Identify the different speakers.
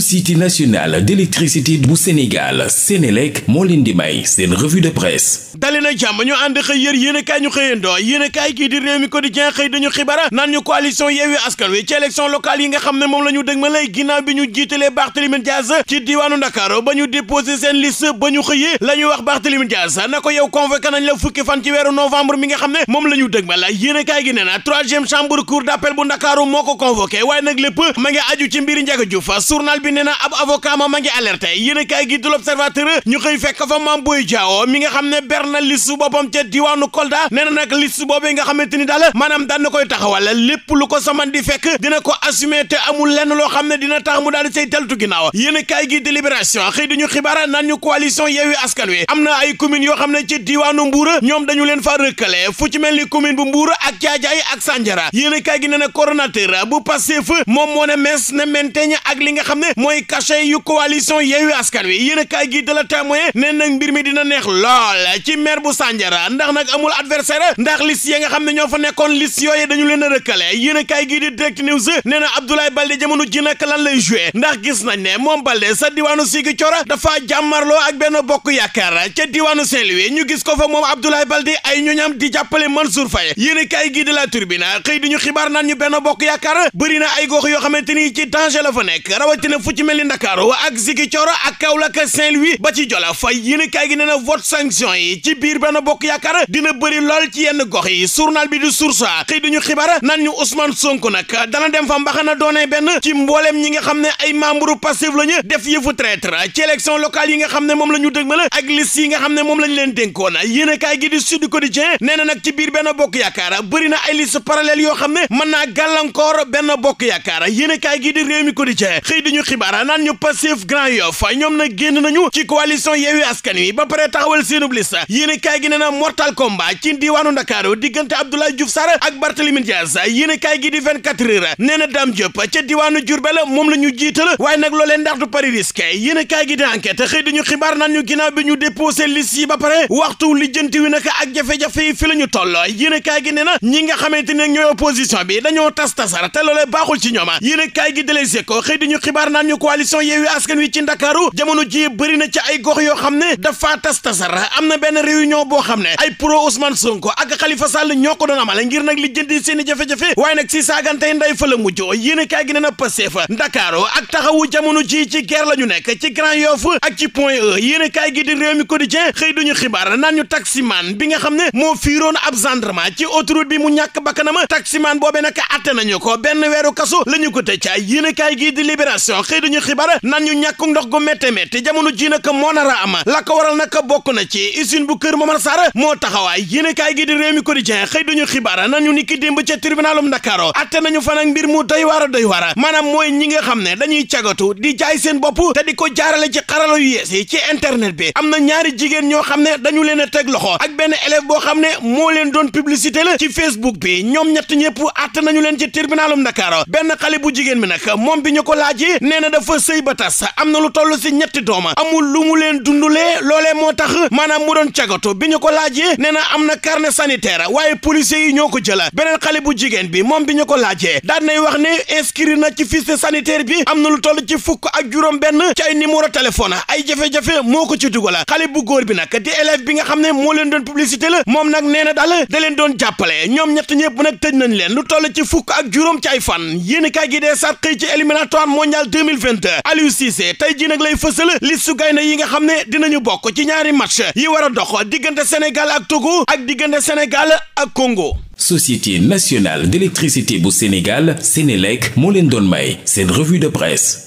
Speaker 1: société nationale d'électricité bu Sénégal Sénélec moo leen di may seen revue de presse dali jàmm ñu ànd xëy yër yéen a ñu xëyandoo yéen a kaay di réew mi quotidien xëy dañu xibara naan ñu coalition Yewwi Askan Wi ci élection locale yi nga xam ne moom la ñu ma lay ginnaaw bi ñu jiitalee Barthélémy Dias ci diiwaanu Ndakaaru ba ñu déposé seen liste ba ñu xëyee la wax Barthélémy Dias na ko yow convoqué nañ la fukki fan ci weeru a bi nee na ab avocat ma ma ngi alerté yéen gi du ñu xëy fekk fa Mame Boye Diao mi nga xam ne ber na listu boppam ca diwaanu Kolda nee na nag listu boobu nga xamante ni daal maanaam daan na koy taxawal lépp lu ko saman di fekk ko assumer te amul lenn loo xam ne dina tax mu daal di say teltu ginnaaw yéen a kaay gi délibération xëy dañu xibaar naan ñu coalition Yewwi Askan Wi am na ay communes yoo xam ne ci diwaanu Mbour ñoom dañu leen fa rëkkale fu ci mel ni a kaay li nga ne mooy cachet yu coalition Yewwi Askan Wi yéen a kaay gi da la témoin nee nag mbir mi dina neex lool ci maire bu Sandiara ndax nag amul adversaire ndax liste yi nga xam ne ñoo fa nekkoon liste yooyu dañu leen a rëkkale yéen a kaay gi di direct news nee na Abdoulaye Baldé jamono ji nak lan lay joué ndax gis nañ ne moom Baldé sa diwaanu Ziguinchor dafa jàmmarloo ak benn bokk yaakaar ca diwaanu Saint-Louis ñu gis ko fa moom Abdoulaye Baldé ay ñoñam di jàppale Mansour Faye yéen a kaay gi di la Tribune xëy di ñu xibaar naan ñu benn bokk yaakaar bëri na ay gox yoo xamante ni ci danger la fa nekk na fu ci mel ni Ndakaaru ak Ziguinchor ak Kaolack Saint-Louis ba ci Jolof yéenekaay gi nee na vote sanction yi ci biir Benno Bokk Yaakaar dina bëri lool ci yenn gox yi journal bi di Source A xëy duñu xibaar nan ñu Ousmane Sonko nag dana dem fa mbaxana doone benn ci mboolem ñi nga xam ne ay membre Pastef lañu def yëfu traître ci élection locale yi nga xam ne moom la ñu dëgmal ak liste yi nga xam ne moom lañ leen dénkoon yéenekaay gi di Sud Quotidien nee na nag biir Benno Bokk Yaakaar bëri na ay liste parallèle yoo xam ne mën naa gàllankoor Benno Bokk Yaakaar yéenekaay gi di Rewmi Quotidien xëy duñu xibaar naan ñu Pastef Grand Yoff ñoom nag génn nañu ci coalition Yewwi Askan Wi ba pare taxawal seenub liste yéene kaay gi nee na mortal combat ci diwaanu Ndakaaru diggante Abdoulaye Diouf Sarr ak Barthélémy Dias yéene kaay gi di 24 heures nee na Dame Diop ca diwaanu Diourbel moom la ñu jiital waaye nag loolee ndax du pari risque yéene kaay gi di enquête xëy dañu xibaar naan ñu ginnaaw bi ñu déposé liste yi ba pare waxtu lijjanti wi nag ak jafe-jafe yi fi la ñu toll yéene kaay gi nee na ñi nga xamante ne ñooy opposition bi dañoo tas tasar te baaxul ci ñooma yéene kaay gi dale ko naan ñu coalition Yewwi Askan Wi ci Ndakaaru jamono ji bëri na ci ay gox yoo xam ne dafa tas tasara am na benn réunion boo xam ne ay pro Ousmane Sonko ak xalifa Sall ñoo ko doon amal ngir nag li jëndi seeni i jafe-jafe waaye nag si saagantey nday fa la mujj yéen kaay gi nee na Pastef Ndakaaru ak taxawu jamono ji ci guerre la ñu nekk ci gran Yoff ak ci Point E yéen kaay gi di réew mi quotidien xëy duñu xibaar naan ñu taximan bi nga xam ne moo fiiroon ab gendarme ci autoroute bi mu ñàkk bakkanam taximan boobee nag atte nañu ko benn weeru kaso la ñu ko tëj yéen kaay di libération xëy dañu xibaar nan ñu ñàkku ndox gu métte te jamono ji nag moo nar a am la ko waral nag bokk na ci usine bu kër Momar Sarr moo taxawaay yéene kaay gi di réew mi quotidien xëy dañu xibaar nañu ñu ni ki démb ca tribunalum Ndakaaru atte nañu fan mbir mu doy waar a doy waar maanaam mooy ñi nga xam ne dañuy cagatu di jaay seen bopp te di ko jaarale ci xarala yu yees yi ci internet bi am na ñaari jigéen ñoo xam ne dañu leen a teg loxo ak benn élève boo xam ne moo leen doon publicité la ci Facebook bi ñoom ñett ñëpp atte nañu leen ci tribunalum Ndakaaru benn xale bu jigéen bi nag moom bi ñu ko laajee nee na dafa sëy ba tas am na lu toll si ñetti dooma amul lu mu leen dundulee loolee moo tax maanaam mu doon cagatu bi ñu ko laajee nee na am na carnet sanitaire waaye policiers yi ñoo ko jëla beneen xale bu jigéen bi moom bi ñu ko laajee daan nay wax ne inscrit na ci fiche sanitaire bi am na lu toll ci fukk ak juróom benn ci ay numéro téléphone ay jafe-jafe moo ko ci dugal xale bu góor bi nag di élève bi nga xam ne moo leen doon publicité la moom nag nee na daal leen doon jàppale ñoom ñett ñëpp nag tëj nañ leen lu toll ci fukk ak juróom ci ay yéen kaay gi dee sat xëy 2022 Aliou Cissé tey ji nag lay fësal listu gaynde yi nga xam ne dinañu bokk ci ñaari match yi war a dox diggante Sénégal ak Togo ak diggante Sénégal ak Congo Société nationale d'électricité bu Sénégal Sénélec moo leen doon may seen revue de presse